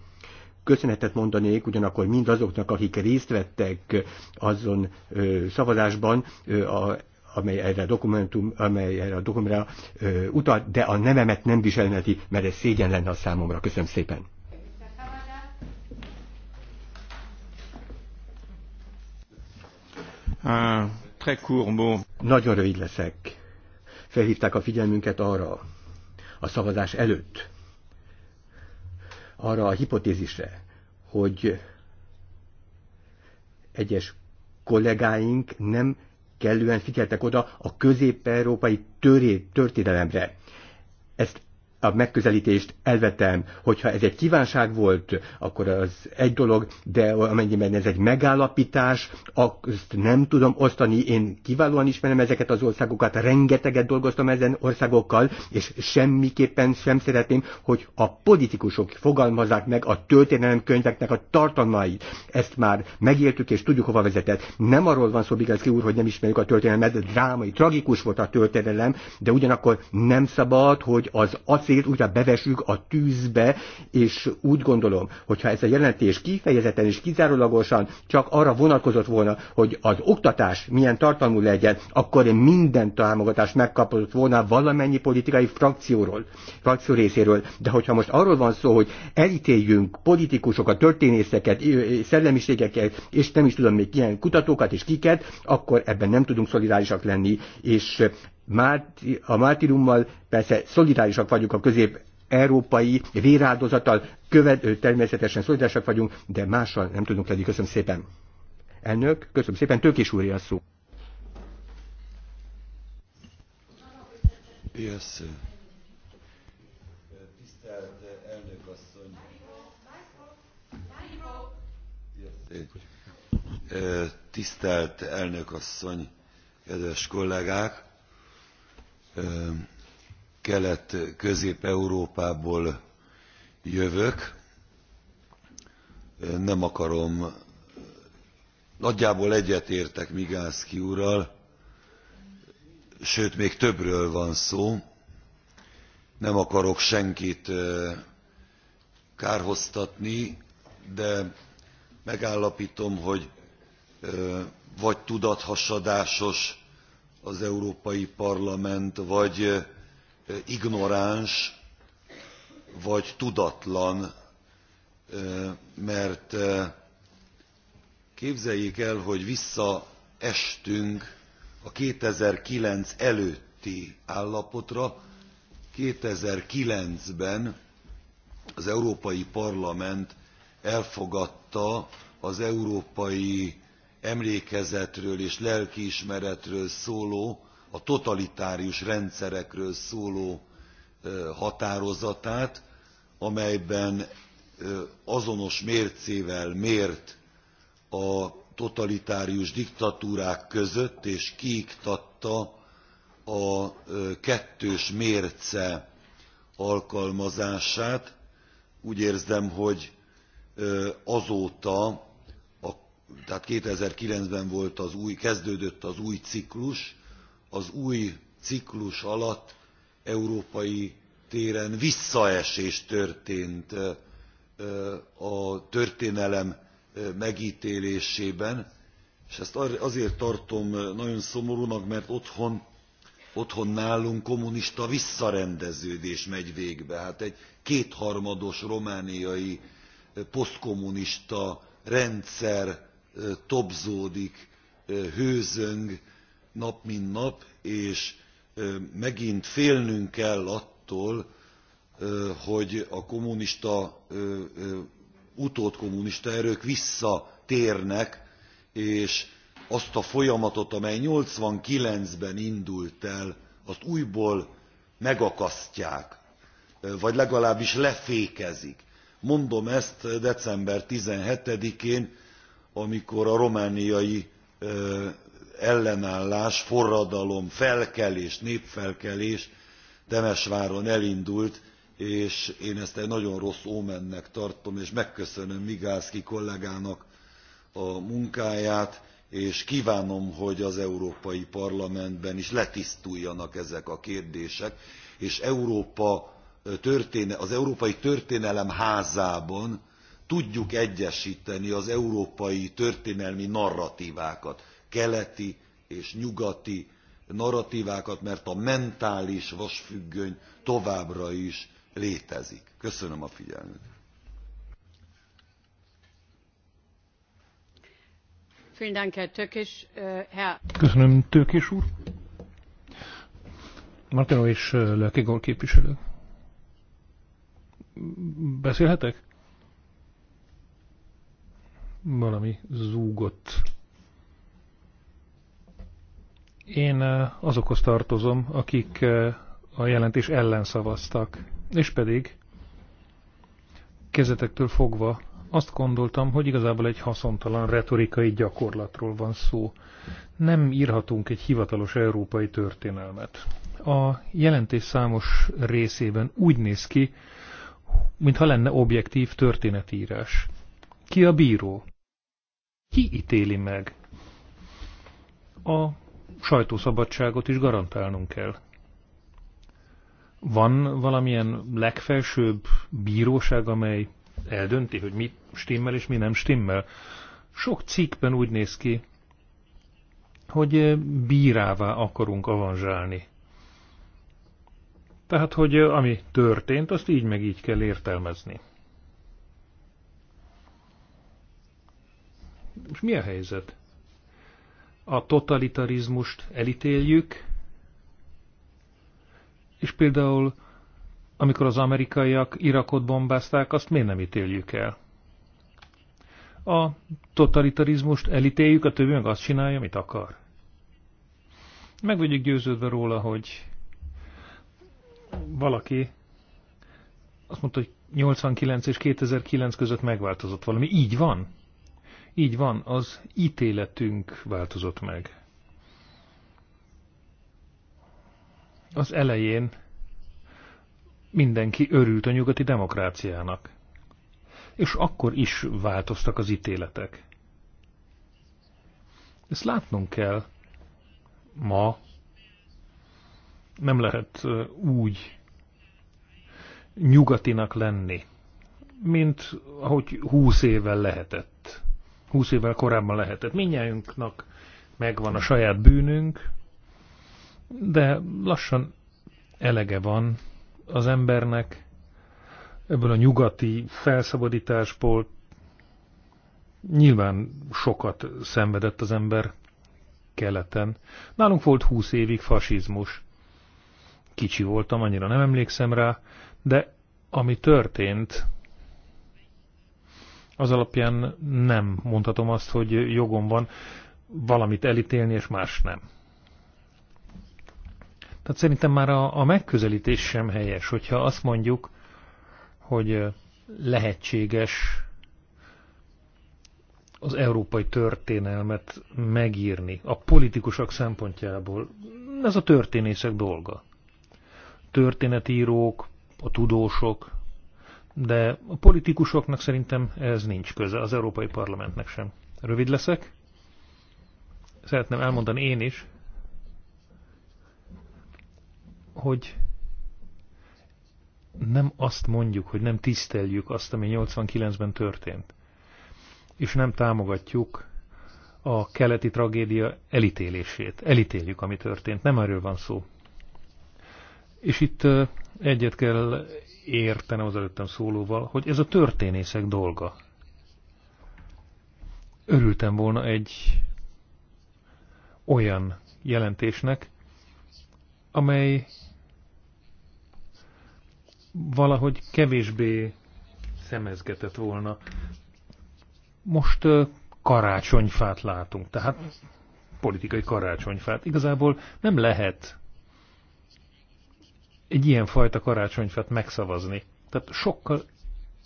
Köszönetet mondanék ugyanakkor mindazoknak, akik részt vettek azon ö, szavazásban, ö, a, amely erre a dokumentum, amely erre a dokumentumra ö, utal, de a nememet nem viselneti, mert ez szégyen lenne a számomra. Köszönöm szépen. Ah, Nagyon rövid leszek. Felhívták a figyelmünket arra, a szavazás előtt, arra a hipotézisre, hogy egyes kollégáink nem kellően figyeltek oda a közép-európai történelemre. Ezt a megközelítést elvetem, hogyha ez egy kívánság volt, akkor az egy dolog, de amennyiben ez egy megállapítás, azt nem tudom osztani. Én kiválóan ismerem ezeket az országokat, rengeteget dolgoztam ezen országokkal, és semmiképpen sem szeretném, hogy a politikusok fogalmazzák meg a könyveknek a tartalmait. Ezt már megéltük, és tudjuk, hova vezetett. Nem arról van szó, Bigelszki úr, hogy nem ismerjük a történelmet, drámai, tragikus volt a történelem, de ugyanakkor nem szabad, hogy az acél szélt újra bevesük a tűzbe, és úgy gondolom, hogyha ez a jelentés kifejezetten és kizárólagosan csak arra vonatkozott volna, hogy az oktatás milyen tartalmú legyen, akkor minden támogatást megkapott volna valamennyi politikai frakcióról, frakció részéről. De hogyha most arról van szó, hogy elítéljünk politikusokat, történészeket, szellemiségeket, és nem is tudom még ilyen kutatókat és kiket, akkor ebben nem tudunk szolidárisak lenni, és Márti, a mártirummal persze szolidárisak vagyunk a közép európai véráldozattal, követ, természetesen szolidárisak vagyunk, de mással nem tudunk lenni. Köszönöm szépen. Elnök, köszönöm szépen. Tőkés úr a szó. Yes. Tisztelt elnök asszony. Yes. Eh, tisztelt elnök asszony, kedves kollégák! kelet közép európából jövök nem akarom nagyjából egyetértek migalski úrral sőt még többről van szó nem akarok senkit kárhoztatni de megállaptom hogy vagy tudathasadásos az Európai Parlament vagy ignoráns, vagy tudatlan, mert képzeljék el, hogy visszaestünk a 2009 előtti állapotra. 2009-ben az Európai Parlament elfogadta az Európai emlékezetről és lelkiismeretről szóló, a totalitárius rendszerekről szóló határozatát, amelyben azonos mércével mért a totalitárius diktatúrák között, és kiiktatta a kettős mérce alkalmazását. Úgy érzem, hogy azóta tehát 2009-ben volt az új, kezdődött az új ciklus, az új ciklus alatt európai téren visszaesés történt a történelem megítélésében, és ezt azért tartom nagyon szomorúnak, mert otthon, otthon nálunk kommunista visszarendeződés megy végbe. Hát egy kétharmados romániai posztkommunista rendszer tobzódik hőzöng nap mint nap és megint félnünk kell attól hogy a kommunista utódkommunista erők visszatérnek és azt a folyamatot amely 89 ben indult el azt újból megakasztják vagy legalábbis lefékezik. mondom ezt december 17 én amikor a romániai ellenállás forradalom felkelés népfelkelés temesváron elindult és én ezt egy nagyon rossz ómennek tartom és megköszönöm migalski kollégának a munkáját és kvánom hogy az európai parlamentben is letisztuljanak ezek a kérdések és európa az európai történelem házában tudjuk egyesteni az európai történelmi narratívákat, keleti és nyugati narratívákat, mert a mentális vasfüggöny továbbra is létezik. Köszönöm a figyelmet. Äh, Köszönöm, Tökés úr. Martino és äh, Lökigol képviselő. Beszélhetek? valami zúgott. Én eh, azokhoz tartozom, akik eh, a jelentés ellen szavaztak, és pedig kezetektől fogva azt gondoltam, hogy igazából egy haszontalan retorikai gyakorlatról van szó. Nem írhatunk egy hivatalos európai történelmet. A jelentés számos részében úgy néz ki, mintha lenne objektív történetírás. Ki a bíró? Ki ítéli meg? A sajtószabadságot is garantálnunk kell. Van valamilyen legfelsőbb bíróság, amely eldönti, hogy mi stimmel és mi nem stimmel? Sok cikkben úgy néz ki, hogy bírává akarunk avanzsálni. Tehát, hogy ami történt, azt így meg így kell értelmezni. Most mi a helyzet? A totalitarizmust elítéljük, és például amikor az amerikaiak Irakot bombázták, azt miért nem ítéljük el? A totalitarizmust elítéljük, a többi meg azt csinálja, amit akar. Meg vagyok győződve róla, hogy valaki azt mondta, hogy 89 és 2009 között megváltozott valami. Így van? Így van, az ítéletünk változott meg. Az elején mindenki örült a nyugati demokráciának. És akkor is változtak az ítéletek. Ezt látnunk kell ma. Nem lehet úgy nyugatinak lenni, mint ahogy húsz évvel lehetett. 20 évvel korábban lehetett. Minnyájunknak megvan a saját bűnünk, de lassan elege van az embernek ebből a nyugati felszabadításból. Nyilván sokat szenvedett az ember keleten. Nálunk volt 20 évig fasizmus. Kicsi voltam, annyira nem emlékszem rá, de ami történt, az alapján nem mondhatom azt, hogy jogom van valamit elítélni, és más nem. Tehát szerintem már a, a megközelítés sem helyes, hogyha azt mondjuk, hogy lehetséges az európai történelmet megírni a politikusok szempontjából. Ez a történészek dolga. Történetírók, a tudósok, de a politikusoknak szerintem ez nincs köze, az Európai Parlamentnek sem. Rövid leszek. Szeretném elmondani én is, hogy nem azt mondjuk, hogy nem tiszteljük azt, ami 89-ben történt, és nem támogatjuk a keleti tragédia elítélését. Elítéljük, ami történt. Nem erről van szó. És itt egyet kell értenem az előttem szólóval, hogy ez a történészek dolga. Örültem volna egy olyan jelentésnek, amely valahogy kevésbé szemezgetett volna. Most karácsonyfát látunk, tehát politikai karácsonyfát. Igazából nem lehet egy ilyen fajta karácsonyfát megszavazni. Tehát sokkal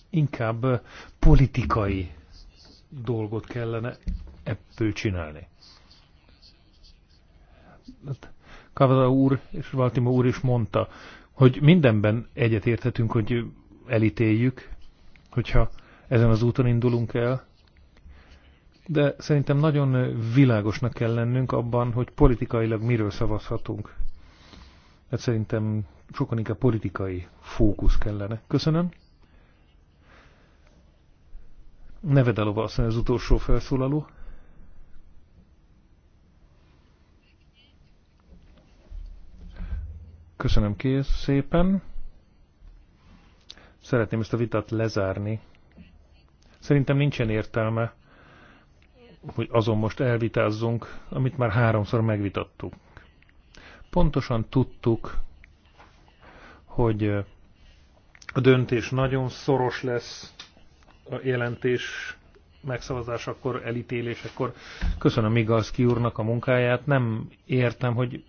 inkább politikai dolgot kellene ebből csinálni. Hát, Kavada úr és Valtima úr is mondta, hogy mindenben egyetérthetünk, hogy elítéljük, hogyha ezen az úton indulunk el, de szerintem nagyon világosnak kell lennünk abban, hogy politikailag miről szavazhatunk. Hát szerintem sokan inkább politikai fókusz kellene. Köszönöm. Nevedelova azt az utolsó felszólaló. Köszönöm kész szépen. Szeretném ezt a vitát lezárni. Szerintem nincsen értelme, hogy azon most elvitázzunk, amit már háromszor megvitattuk. Pontosan tudtuk, hogy a döntés nagyon szoros lesz a jelentés megszavazásakor, elítélésekor. Köszönöm Igalszki úrnak a munkáját, nem értem, hogy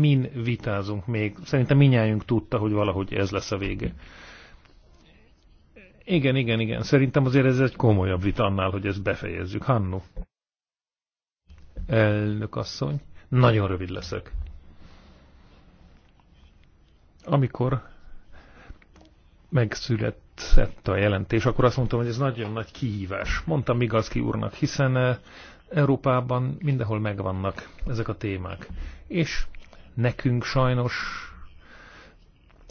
min vitázunk még. Szerintem minnyájunk tudta, hogy valahogy ez lesz a vége. Igen, igen, igen. Szerintem azért ez egy komolyabb vita annál, hogy ezt befejezzük. Hannu. Elnök asszony. Nagyon rövid leszek amikor megszületett a jelentés, akkor azt mondtam, hogy ez nagyon nagy kihívás. Mondtam Migalski úrnak, hiszen eh, Európában mindenhol megvannak ezek a témák. És nekünk sajnos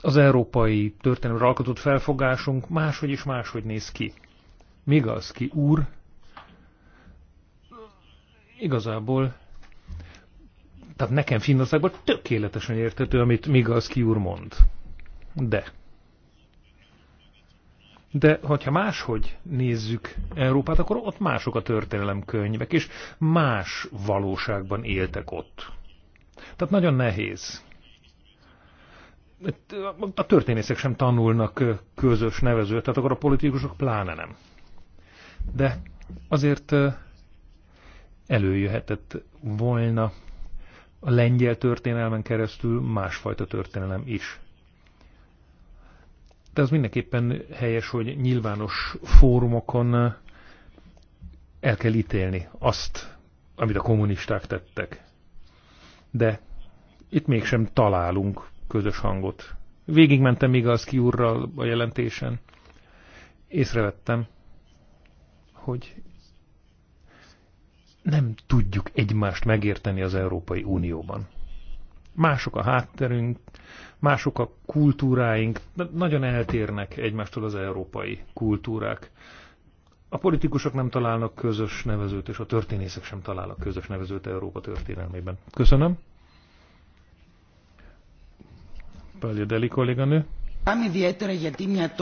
az európai történelmi alkotott felfogásunk máshogy is máshogy néz ki. Migalski úr igazából tehát nekem Finnországban tökéletesen értető, amit Migalski úr mond. De. De hogyha máshogy nézzük Európát, akkor ott mások a történelemkönyvek, és más valóságban éltek ott. Tehát nagyon nehéz. A történészek sem tanulnak közös nevezőt, tehát akkor a politikusok pláne nem. De azért előjöhetett volna a lengyel történelmen keresztül másfajta történelem is. De az mindenképpen helyes, hogy nyilvános fórumokon el kell ítélni azt, amit a kommunisták tettek. De itt mégsem találunk közös hangot. Végigmentem még az kiúrral a jelentésen. Észrevettem, hogy nem tudjuk egymást megérteni az Európai Unióban. Mások a hátterünk, mások a kultúráink, nagyon eltérnek egymástól az európai kultúrák. A politikusok nem találnak közös nevezőt, és a történészek sem találnak közös nevezőt Európa történelmében. Köszönöm. Pálya Deli kolléganő. E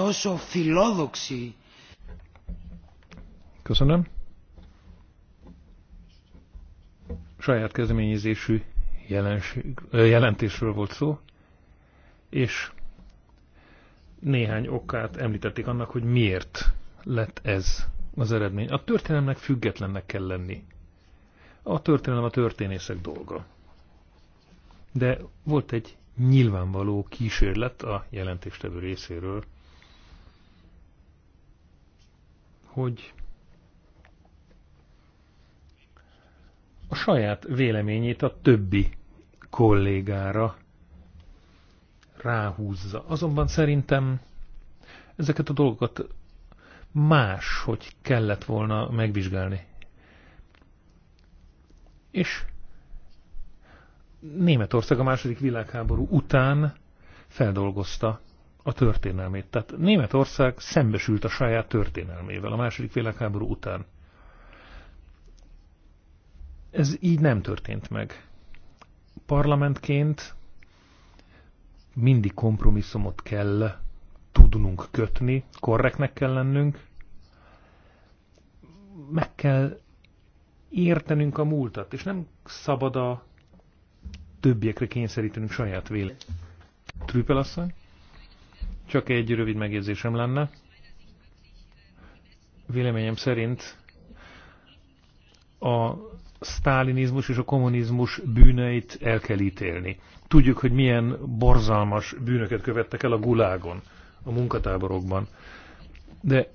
Köszönöm. saját kezdeményezésű jelentésről volt szó, és néhány okát említették annak, hogy miért lett ez az eredmény. A történelemnek függetlennek kell lenni. A történelem a történészek dolga. De volt egy nyilvánvaló kísérlet a jelentéstevő részéről, hogy a saját véleményét a többi kollégára ráhúzza. Azonban szerintem ezeket a dolgokat más, hogy kellett volna megvizsgálni. És Németország a második világháború után feldolgozta a történelmét. Tehát Németország szembesült a saját történelmével a második világháború után. Ez így nem történt meg. Parlamentként mindig kompromisszumot kell tudnunk kötni, korreknek kell lennünk, meg kell értenünk a múltat, és nem szabad a többiekre kényszerítenünk saját véleményt. Trüppel asszony? Csak egy rövid megjegyzésem lenne. Véleményem szerint a sztálinizmus és a kommunizmus bűneit el kell ítélni. Tudjuk, hogy milyen borzalmas bűnöket követtek el a gulágon, a munkatáborokban. De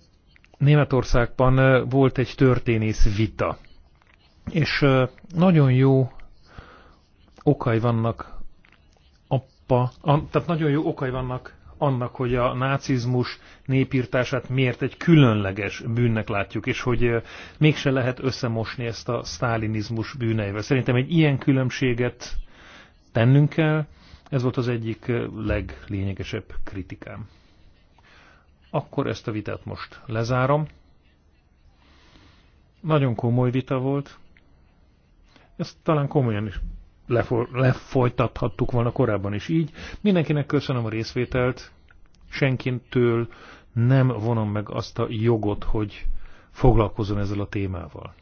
Németországban volt egy történész vita, és nagyon jó okai vannak apa, a, tehát nagyon jó okai vannak annak, hogy a nácizmus népírtását miért egy különleges bűnnek látjuk, és hogy mégse lehet összemosni ezt a sztálinizmus bűneivel. Szerintem egy ilyen különbséget tennünk kell, ez volt az egyik leglényegesebb kritikám. Akkor ezt a vitát most lezárom. Nagyon komoly vita volt. Ezt talán komolyan is lefolytathattuk volna korábban is így. Mindenkinek köszönöm a részvételt, senkintől nem vonom meg azt a jogot, hogy foglalkozom ezzel a témával.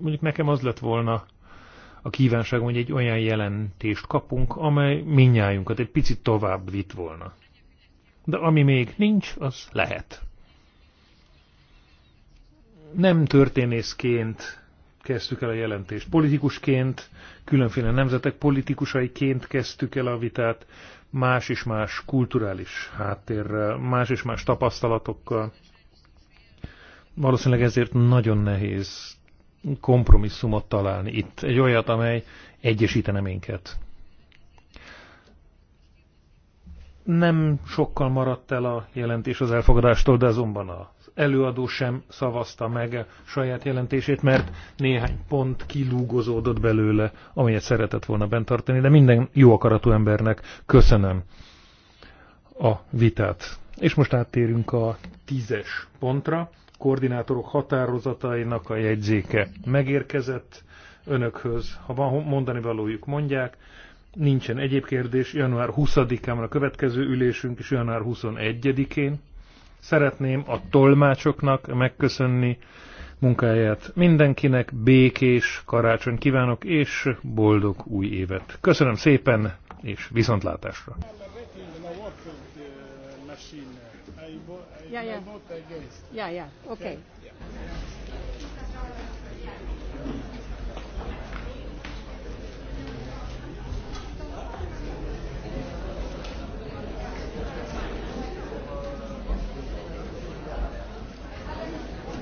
Mondjuk nekem az lett volna a kívánság, hogy egy olyan jelentést kapunk, amely minnyájunkat egy picit tovább vitt volna. De ami még nincs, az lehet. Nem történészként kezdtük el a jelentést. Politikusként, különféle nemzetek politikusaiként kezdtük el a vitát, más és más kulturális háttérrel, más és más tapasztalatokkal. Valószínűleg ezért nagyon nehéz kompromisszumot találni itt. Egy olyat, amely egyesítene minket. Nem sokkal maradt el a jelentés az elfogadástól, de azonban a előadó sem szavazta meg saját jelentését, mert néhány pont kilúgozódott belőle, amelyet szeretett volna bentartani, tartani, de minden jó akaratú embernek köszönöm a vitát. És most áttérünk a tízes pontra. Koordinátorok határozatainak a jegyzéke megérkezett önökhöz. Ha van mondani valójuk, mondják nincsen egyéb kérdés, január 20-án a következő ülésünk, és január 21-én Szeretném a tolmácsoknak megköszönni munkáját mindenkinek, békés karácsony kívánok, és boldog új évet. Köszönöm szépen, és viszontlátásra! Yeah, yeah. Yeah, yeah. Okay.